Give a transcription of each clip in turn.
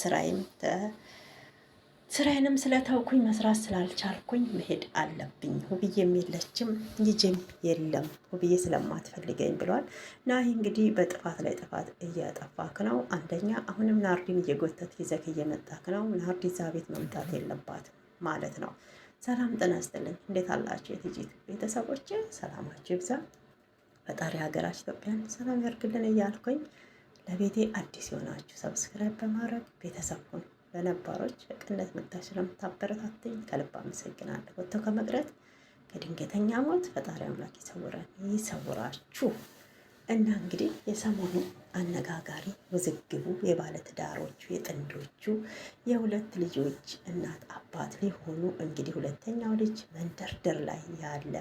ስራዬም ስራዬንም ስለታውኩኝ መስራት ስላልቻልኩኝ መሄድ አለብኝ። ሁብዬም የለችም ልጅም የለም ሁብዬ ስለማትፈልገኝ ብሏል። ናሂ እንግዲህ በጥፋት ላይ ጥፋት እያጠፋክ ነው። አንደኛ አሁንም ናርዲን እየጎተት ይዘክ እየመጣክ ነው። ናርዲ እዛ ቤት መምጣት የለባትም ማለት ነው። ሰላም ጤና ይስጥልኝ። እንዴት አላችሁ የትጂት ቤተሰቦች? ሰላማችሁ ይብዛ። ፈጣሪ ሀገራችን ኢትዮጵያን ሰላም ያርግልን እያልኩኝ ለቤቴ አዲስ የሆናችሁ ሰብስክራይብ በማድረግ ቤተሰብ ሁኑ። ለነባሮች በቅነት መታችሁ ስለምታበረታትኝ ከልብ አመሰግናለሁ። ወጥቶ ከመቅረት ከድንገተኛ ሞት ፈጣሪ አምላክ ይሰውራል ይሰውራችሁ። እና እንግዲህ የሰሞኑ አነጋጋሪ ውዝግቡ የባለትዳሮቹ የጥንዶቹ የሁለት ልጆች እናት አባት ሊሆኑ እንግዲህ ሁለተኛው ልጅ መንደርደር ላይ ያለ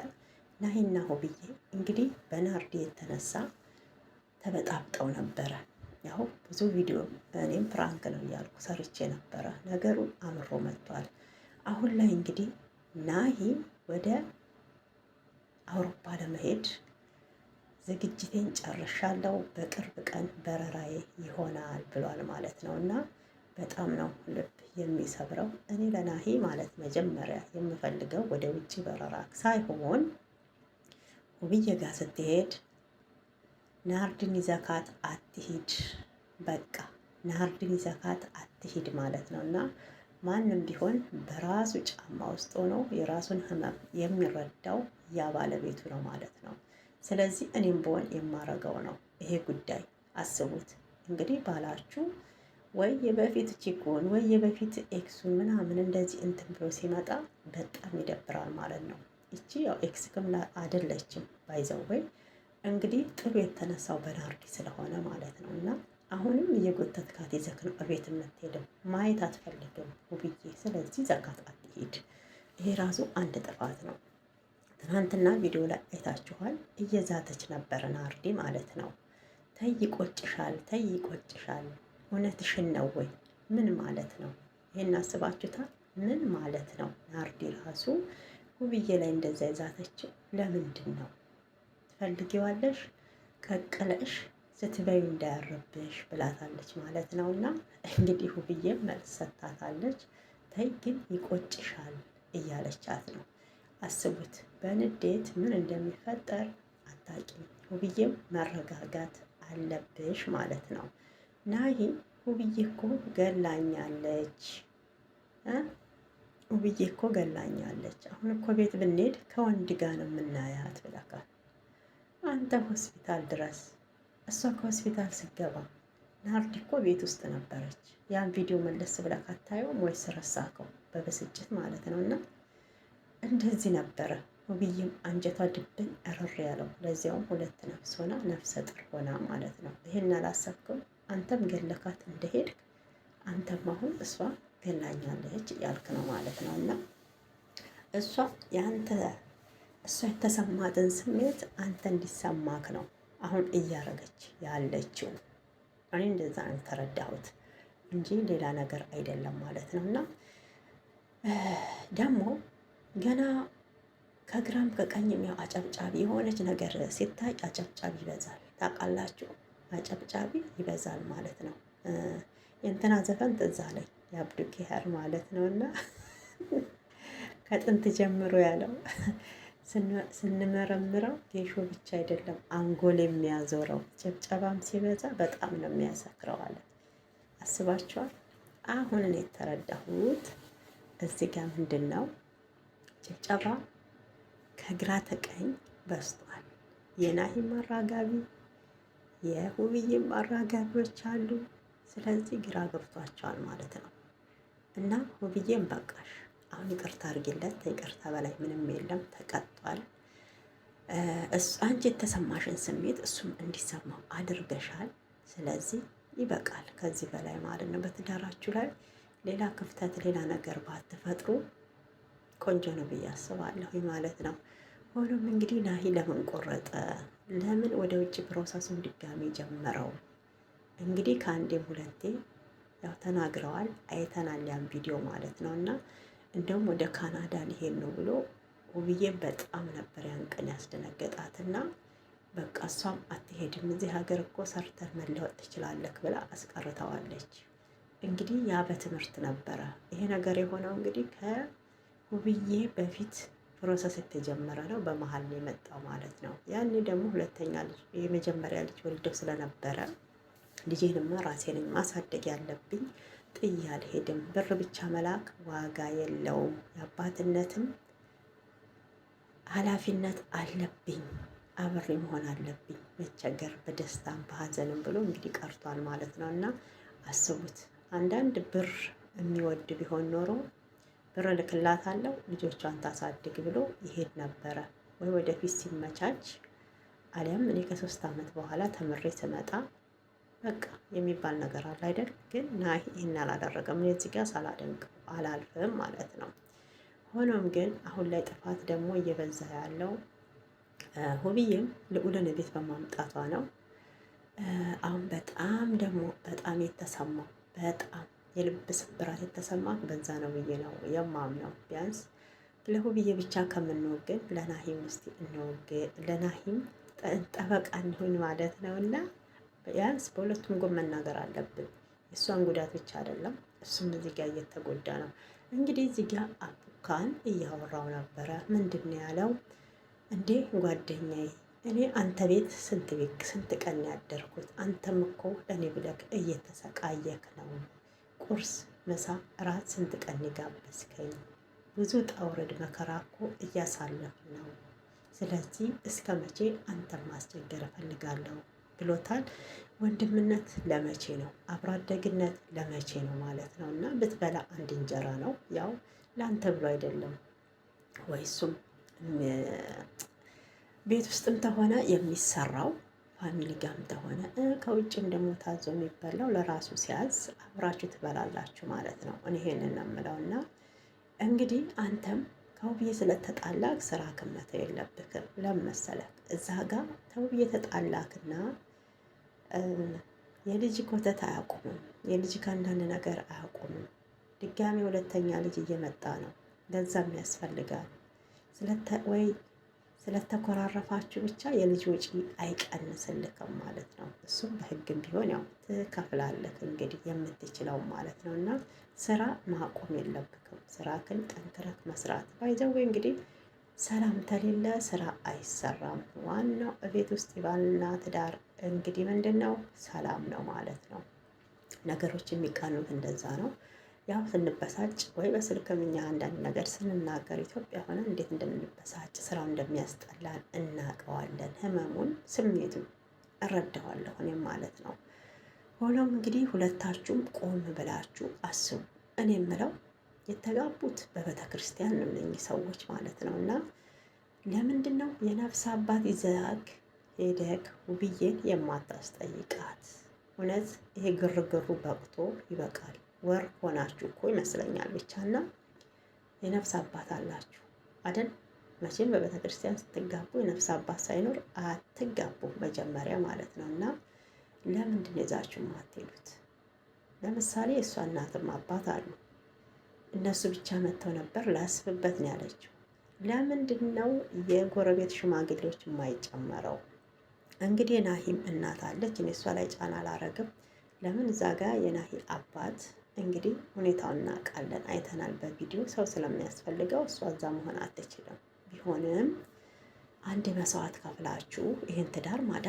ናሂና ሆብዬ እንግዲህ በናርዲ የተነሳ ተበጣብጠው ነበረ። ያው ብዙ ቪዲዮ እኔም ፕራንክ ነው እያልኩ ሰርቼ ነበረ። ነገሩ አምሮ መጥቷል። አሁን ላይ እንግዲህ ናሂ ወደ አውሮፓ ለመሄድ ዝግጅቴን ጨርሻለሁ፣ በቅርብ ቀን በረራዬ ይሆናል ብሏል ማለት ነው። እና በጣም ነው ልብ የሚሰብረው። እኔ ለናሂ ማለት መጀመሪያ የምፈልገው ወደ ውጭ በረራ ሳይሆን ውብዬ ጋር ስትሄድ ናርድን ይዘካት አትሂድ፣ በቃ ናርድን ይዘካት አትሂድ ማለት ነው እና ማንም ቢሆን በራሱ ጫማ ውስጥ ሆኖ የራሱን ህመም የሚረዳው ያ ባለቤቱ ነው ማለት ነው። ስለዚህ እኔም በሆን የማረገው ነው ይሄ ጉዳይ። አስቡት እንግዲህ ባላችሁ ወይ የበፊት ቺኩን ወይ የበፊት ኤክሱን ምናምን እንደዚህ እንትን ብሎ ሲመጣ በጣም ይደብራል ማለት ነው። እቺ ያው ኤክስ ክም አይደለችም ባይዘው ወይ እንግዲህ ጥሉ የተነሳው በናርዲ ስለሆነ ማለት ነው። እና አሁንም እየጎተትካት ይዘክ ነው እቤት የምትሄደው ማየት አትፈልግም ውብዬ። ስለዚህ ዘጋት አትሄድ። ይሄ ራሱ አንድ ጥፋት ነው። ትናንትና ቪዲዮ ላይ አይታችኋል። እየዛተች ነበር ናርዲ ማለት ነው። ተይ ቆጭሻል፣ ተይ ቆጭሻል። እውነትሽን ነው ወይ? ምን ማለት ነው? ይህን አስባችሁታል? ምን ማለት ነው? ናርዲ ራሱ ውብዬ ላይ እንደዛ የዛተችው ለምንድን ነው? ትፈልጊዋለሽ ቀቅለሽ ስትበዩ እንዳያርብሽ ብላታለች ማለት ነው። እና እንግዲህ ውብዬም መልስ ሰጥታታለች። ተይ ግን ይቆጭሻል እያለቻት ነው። አስቡት በንዴት ምን እንደሚፈጠር አታውቂም። ውብዬም መረጋጋት አለብሽ ማለት ነው። ናሂ ውብዬ እኮ ገላኛለች ውብዬ እኮ ገላኛለች። አሁን እኮ ቤት ብንሄድ ከወንድ ጋር ነው የምናያት ብላካል አንተ ሆስፒታል ድረስ እሷ ከሆስፒታል ስገባ ናርዲ እኮ ቤት ውስጥ ነበረች። ያን ቪዲዮ መለስ ብላ ካታየው ወይስ ረሳከው? በብስጭት ማለት ነው። እና እንደዚህ ነበረ ውብዬም አንጀቷ ድብን እርር ያለው ለዚያውም ሁለት ነፍስ ሆና ነፍሰ ጥር ሆና ማለት ነው። ይህን አላሰብክም አንተም ገለካት እንደሄድክ አንተም አሁን እሷ ገላኛለች እያልክ ነው ማለት ነው። እና እሷ የአንተ እሷ የተሰማትን ስሜት አንተ እንዲሰማክ ነው አሁን እያረገች ያለችው። እኔ እንደዛ ነው ተረዳሁት እንጂ ሌላ ነገር አይደለም ማለት ነው። እና ደግሞ ገና ከግራም ከቀኝም ያው አጨብጫቢ የሆነች ነገር ሲታይ አጨብጫቢ ይበዛል። ታውቃላችሁ፣ አጨብጫቢ ይበዛል ማለት ነው። የእንትና ዘፈን ትዝ አለኝ የአብዱኪያር ማለት ነው እና ከጥንት ጀምሮ ያለው ስንመረምረው ጌሾ ብቻ አይደለም አንጎል የሚያዞረው ጭብጨባም ሲበዛ በጣም ነው የሚያሰክረው አለ። አስባችኋል? አሁን እኔ የተረዳሁት እዚህ ጋር ምንድን ነው ጭብጨባ ከግራ ተቀኝ በስቷል። የናሂም አራጋቢ የሁብዬም አራጋቢዎች አሉ። ስለዚህ ግራ ገብቷቸዋል ማለት ነው እና ሁብዬም በቃሽ አሁን ይቅርታ አድርጊለት። ይቅርታ በላይ ምንም የለም። ተቀጧል። አንቺ የተሰማሽን ስሜት እሱም እንዲሰማው አድርገሻል። ስለዚህ ይበቃል፣ ከዚህ በላይ ማለት ነው። በትዳራችሁ ላይ ሌላ ክፍተት፣ ሌላ ነገር ባትፈጥሩ ቆንጆ ነው ብዬ አስባለሁ ማለት ነው። ሆኖም እንግዲህ ናሂ ለምን ቆረጠ? ለምን ወደ ውጭ ፕሮሰሱን ድጋሚ ጀመረው? እንግዲህ ከአንዴም ሁለቴ ያው ተናግረዋል፣ አይተናል ያን ቪዲዮ ማለት ነው እና እንደውም ወደ ካናዳ ሊሄድ ነው ብሎ ውብዬን በጣም ነበር ያን ቀን ያስደነገጣትና በቃ እሷም አትሄድም እዚህ ሀገር እኮ ሰርተን መለወጥ ትችላለህ ብላ አስቀርተዋለች። እንግዲህ ያ በትምህርት ነበረ። ይሄ ነገር የሆነው እንግዲህ ከውብዬ በፊት ፕሮሰስ የተጀመረ ነው፣ በመሀል ነው የመጣው ማለት ነው። ያኔ ደግሞ ሁለተኛ ልጅ የመጀመሪያ ልጅ ወልደው ስለነበረ ልጄንማ ራሴን ማሳደግ ያለብኝ ጥዬ አልሄድም። ብር ብቻ መላክ ዋጋ የለውም። የአባትነትም ኃላፊነት አለብኝ። አብሬ መሆን አለብኝ። መቸገር በደስታም በሀዘንም ብሎ እንግዲህ ቀርቷል ማለት ነው። እና አስቡት አንዳንድ ብር የሚወድ ቢሆን ኖሮ ብር እልክላታለሁ ልጆቿን ታሳድግ ብሎ ይሄድ ነበረ። ወይ ወደፊት ሲመቻች አሊያም እኔ ከሶስት ዓመት በኋላ ተምሬ ስመጣ በቃ የሚባል ነገር አለ አይደል? ግን ናሂ ይህን አላደረገም። እዚህ ጋር ሳላደንቅ አላልፍም ማለት ነው። ሆኖም ግን አሁን ላይ ጥፋት ደግሞ እየበዛ ያለው ሁብዬም ልዑልን ቤት በማምጣቷ ነው። አሁን በጣም ደግሞ በጣም የተሰማው በጣም የልብ ስብራት የተሰማት በዛ ነው ብዬ ነው የማምነው። ቢያንስ ለሁብዬ ብቻ ከምንወግን ለናሂም ውስጥ እንወግ ለናሂም ጠበቃ እንሁን ማለት ነው እና ቢያንስ በሁለቱም ጎን መናገር አለብን። እሷን ጉዳት ብቻ አይደለም፣ እሱም እዚህ ጋር እየተጎዳ ነው። እንግዲህ እዚህ ጋር አቡካን እያወራው ነበረ። ምንድን ነው ያለው? እንዴ ጓደኛዬ እኔ አንተ ቤት ስንት ቤት ስንት ቀን ያደርኩት አንተም እኮ ለእኔ ብለክ እየተሰቃየክ ነው። ቁርስ፣ ምሳ፣ እራት ስንት ቀን ይጋበዝከኝ ብዙ ጣውረድ መከራ እኮ እያሳለፍ ነው። ስለዚህ እስከ መቼ አንተም ማስቸገር እፈልጋለሁ ብሎታል። ወንድምነት ለመቼ ነው? አብሮ አደግነት ለመቼ ነው ማለት ነው። እና ብትበላ አንድ እንጀራ ነው። ያው ለአንተ ብሎ አይደለም ወይ እሱም ቤት ውስጥም ተሆነ የሚሰራው ፋሚሊ ጋም ተሆነ ከውጭም ደግሞ ታዞ የሚበላው ለራሱ ሲያዝ አብራችሁ ትበላላችሁ ማለት ነው። እኔ ይሄንን እና እንግዲህ አንተም ከውብዬ ስለተጣላክ ስራ ክመተ የለብክም። ለመሰለ እዛ ጋር ተውብዬ ተጣላክና የልጅ ኮተት አያቁምም። የልጅ ከአንዳንድ ነገር አያቁምም። ድጋሚ ሁለተኛ ልጅ እየመጣ ነው። ገንዘብ ያስፈልጋል። ወይ ስለተኮራረፋችሁ ብቻ የልጅ ወጪ አይቀንስልክም ማለት ነው። እሱም በህግም ቢሆን ያው ትከፍላለህ እንግዲህ የምትችለው ማለት ነው። እና ስራ ማቆም የለብክም። ስራ ግን ጠንክረህ መስራት ባይዘው እንግዲህ ሰላም ተሌለ ስራ አይሰራም። ዋናው እቤት ውስጥ የባልና ትዳር እንግዲህ ምንድን ነው ሰላም ነው ማለት ነው። ነገሮች የሚቃኑት እንደዛ ነው። ያው ስንበሳጭ ወይ በስልክም እኛ አንዳንድ ነገር ስንናገር ኢትዮጵያ ሆነ እንዴት እንደምንበሳጭ ስራው እንደሚያስጠላን እናውቀዋለን። ህመሙን፣ ስሜቱን እረዳዋለሁ እኔም ማለት ነው። ሆኖም እንግዲህ ሁለታችሁም ቆም ብላችሁ አስቡ። እኔ የምለው የተጋቡት በቤተ ክርስቲያን ነው እነኚህ ሰዎች ማለት ነው። እና ለምንድን ነው የነፍስ አባት ይዛክ ሄደክ ውብዬን የማታስጠይቃት? እውነት ይሄ ግርግሩ በቅቶ ይበቃል። ወር ሆናችሁ እኮ ይመስለኛል። ብቻ እና የነፍስ አባት አላችሁ አደን መቼም በቤተ ክርስቲያን ስትጋቡ የነፍስ አባት ሳይኖር አትጋቡ፣ መጀመሪያ ማለት ነው። እና ለምንድን ይዛችሁ ማትሄዱት? ለምሳሌ እሷ እናትም አባት አሉ እነሱ ብቻ መጥተው ነበር ላስብበት ነው ያለችው። ለምንድን ነው የጎረቤት ሽማግሌዎች የማይጨመረው? እንግዲህ የናሂም እናት አለች። እኔ እሷ ላይ ጫና አላረግም። ለምን እዛ ጋ የናሂ አባት እንግዲህ ሁኔታውን እናውቃለን፣ አይተናል በቪዲዮ ሰው ስለሚያስፈልገው እሷ እዛ መሆን አትችልም። ቢሆንም አንድ መስዋዕት ከፍላችሁ ይህን ትዳር ማዳ